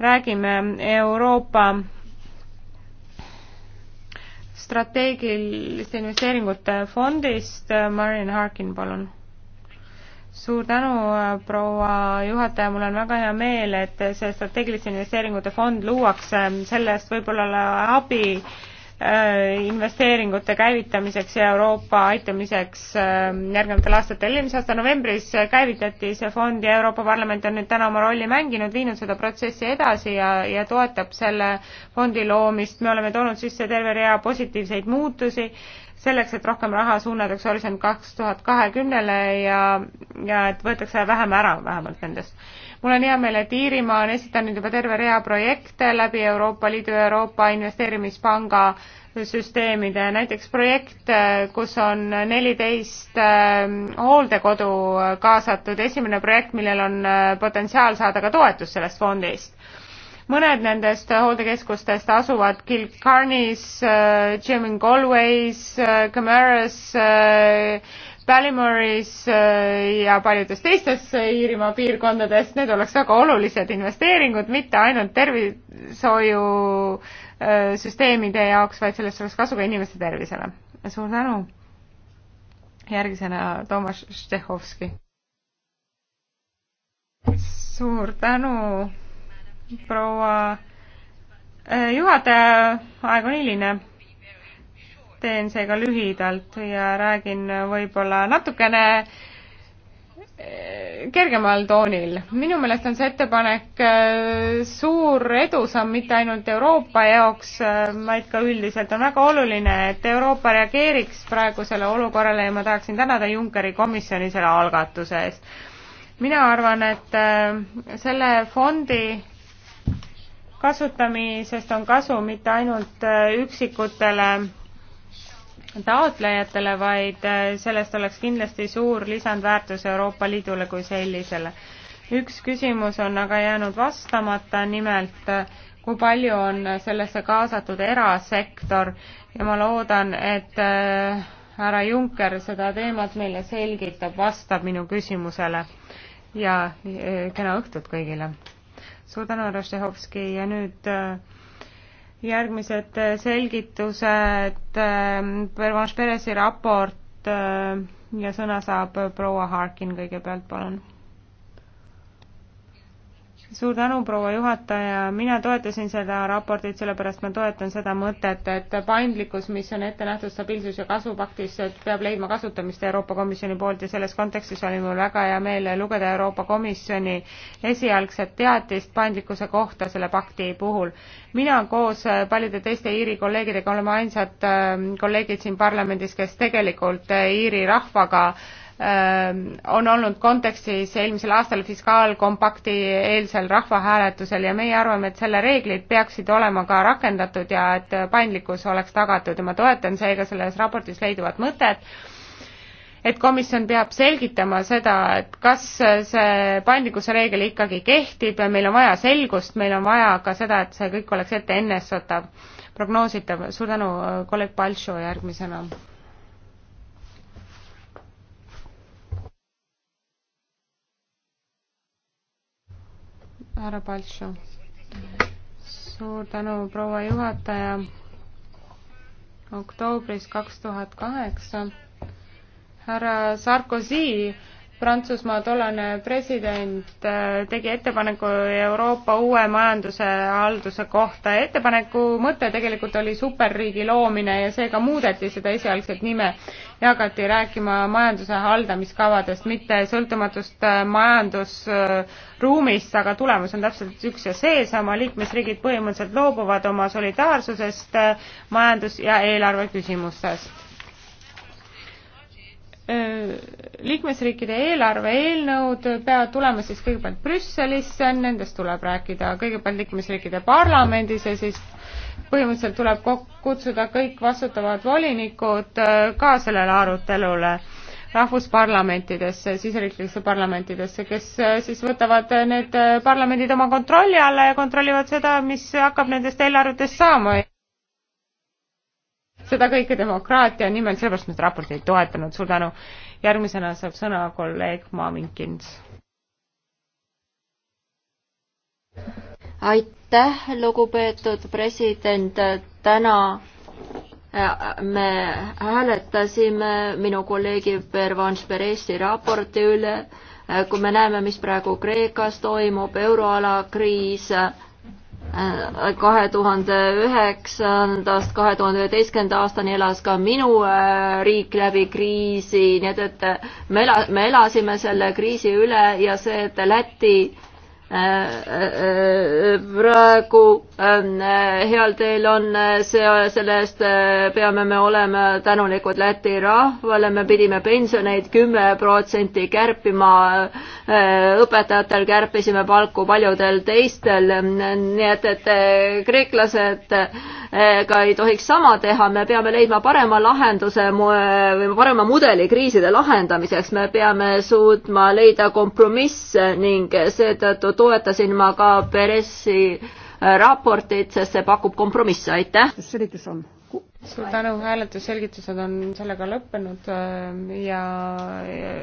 räägime Euroopa strateegiliste investeeringute fondist, Marian Harkin, palun. suur tänu, proua juhataja, mul on väga hea meel, et see strateegiliste investeeringute fond luuakse, sellest võib-olla abi äh, Äh, investeeringute käivitamiseks ja Euroopa aitamiseks äh, järgnevatel aastatel. eelmise aasta novembris käivitati see fond ja Euroopa Parlament on nüüd täna oma rolli mänginud, viinud seda protsessi edasi ja, ja toetab selle fondi loomist. me oleme toonud sisse terve rea positiivseid muutusi selleks, et rohkem raha suunatakse Horisont kaks tuhat kahekümnele ja, ja et võetakse vähem ära vähemalt nendest mul on hea meel, et Iirimaa on esitanud juba terve rea projekte läbi Euroopa Liidu ja Euroopa Investeerimispanga süsteemide, näiteks projekt, kus on neliteist ähm, hooldekodu kaasatud, esimene projekt, millel on äh, potentsiaal saada ka toetust sellest fondist. mõned nendest hooldekeskustest asuvad Kilcarnis, äh, Jimmy Galways, äh, Camaras, Ballymore'is äh, ja paljudes teistes äh, Iirimaa piirkondades, need oleks väga olulised investeeringud, mitte ainult tervishoiusüsteemide äh, jaoks, vaid sellest oleks kasu ka inimeste tervisele. suur tänu! järgmisena Toomas Štehhovski. suur tänu, proua juhataja, aeg on hiline teen seega lühidalt ja räägin võib-olla natukene eh, kergemal toonil. minu meelest on see ettepanek eh, suur edusamm mitte ainult Euroopa jaoks, eh, vaid ka üldiselt on väga oluline, et Euroopa reageeriks praegusele olukorrale ja ma tahaksin tänada Junckeri komisjoni selle algatuse eest. mina arvan, et selle fondi kasutamisest on kasu mitte ainult üksikutele taotlejatele, vaid äh, sellest oleks kindlasti suur lisandväärtus Euroopa Liidule kui sellisele. üks küsimus on aga jäänud vastamata, nimelt äh, kui palju on sellesse kaasatud erasektor ja ma loodan, et äh, härra Juncker seda teemat meile selgitab, vastab minu küsimusele ja kena õhtut kõigile. suur tänu, härra Štehovski ja nüüd järgmised äh, selgitused, ähm, Pervanche Peresi raport äh, ja sõna saab proua Harkin kõigepealt, palun suur tänu, proua juhataja, mina toetasin seda raportit, sellepärast ma toetan seda mõtet, et paindlikkus, mis on ette nähtud stabiilsus- ja kasvupaktis, peab leidma kasutamist Euroopa Komisjoni poolt ja selles kontekstis oli mul väga hea meel lugeda Euroopa Komisjoni esialgset teatist paindlikkuse kohta selle pakti puhul. mina koos paljude teiste Iiri kolleegidega oleme ainsad ähm, kolleegid siin parlamendis, kes tegelikult äh, Iiri rahvaga äh, Ähm, on olnud kontekstis eelmisel aastal fiskaalkompakti eelsel rahvahääletusel ja meie arvame, et selle reeglid peaksid olema ka rakendatud ja et paindlikkus oleks tagatud ja ma toetan seega selles raportis leiduvat mõtet, et komisjon peab selgitama seda, et kas see paindlikkuse reegel ikkagi kehtib ja meil on vaja selgust, meil on vaja ka seda, et see kõik oleks ette ennustatav, prognoositav. suur tänu, kolleeg Paltšo järgmisena härra Paltšo. suur tänu, proua juhataja. oktoobris kaks tuhat kaheksa härra Sarkozy Prantsusmaa tollane president äh, tegi ettepaneku Euroopa uue majanduse halduse kohta. ettepaneku mõte tegelikult oli superriigi loomine ja seega muudeti seda esialgset nime ja hakati rääkima majanduse haldamiskavadest, mitte sõltumatust äh, majandusruumist, aga tulemus on täpselt üks ja seesama. liikmesriigid põhimõtteliselt loobuvad oma solidaarsusest äh, majandus- ja eelarve küsimustest liikmesriikide eelarve eelnõud peavad tulema siis kõigepealt Brüsselisse, nendest tuleb rääkida kõigepealt liikmesriikide parlamendis ja siis põhimõtteliselt tuleb kutsuda kõik vastutavad volinikud äh, ka sellele arutelule rahvusparlamentidesse, siseriiklikesse parlamentidesse, kes äh, siis võtavad äh, need parlamendid oma kontrolli alla ja kontrollivad seda, mis hakkab nendest eelarvetest saama seda kõike demokraatia nimel, sellepärast ma seda raportit ei toetanud, suur tänu. järgmisena saab sõna kolleeg Maavinkins. aitäh, lugupeetud president, täna äh, me hääletasime minu kolleegi Pervanš Peresi raporti üle, äh, kui me näeme, mis praegu Kreekas toimub, euroala kriis kahe tuhande üheksandast kahe tuhande üheteistkümnenda aastani elas ka minu äh, riik läbi kriisi, nii et, et me ela, me elasime selle kriisi üle ja see, et Läti praegu äh, heal teel on äh, see, selle eest äh, peame me olema tänulikud Läti rahvale, me pidime pensioneid kümme protsenti kärpima, õpetajatel kärpisime palku paljudel teistel, nii et, et kreeklased ka ei tohiks sama teha, me peame leidma parema lahenduse või parema mudeli kriiside lahendamiseks, me peame suutma leida kompromisse ning seetõttu toetasin ma ka Peressi äh, raportit, sest see pakub kompromisse, aitäh. selgitus on suur tänu, hääletusselgitused on sellega lõppenud äh, ja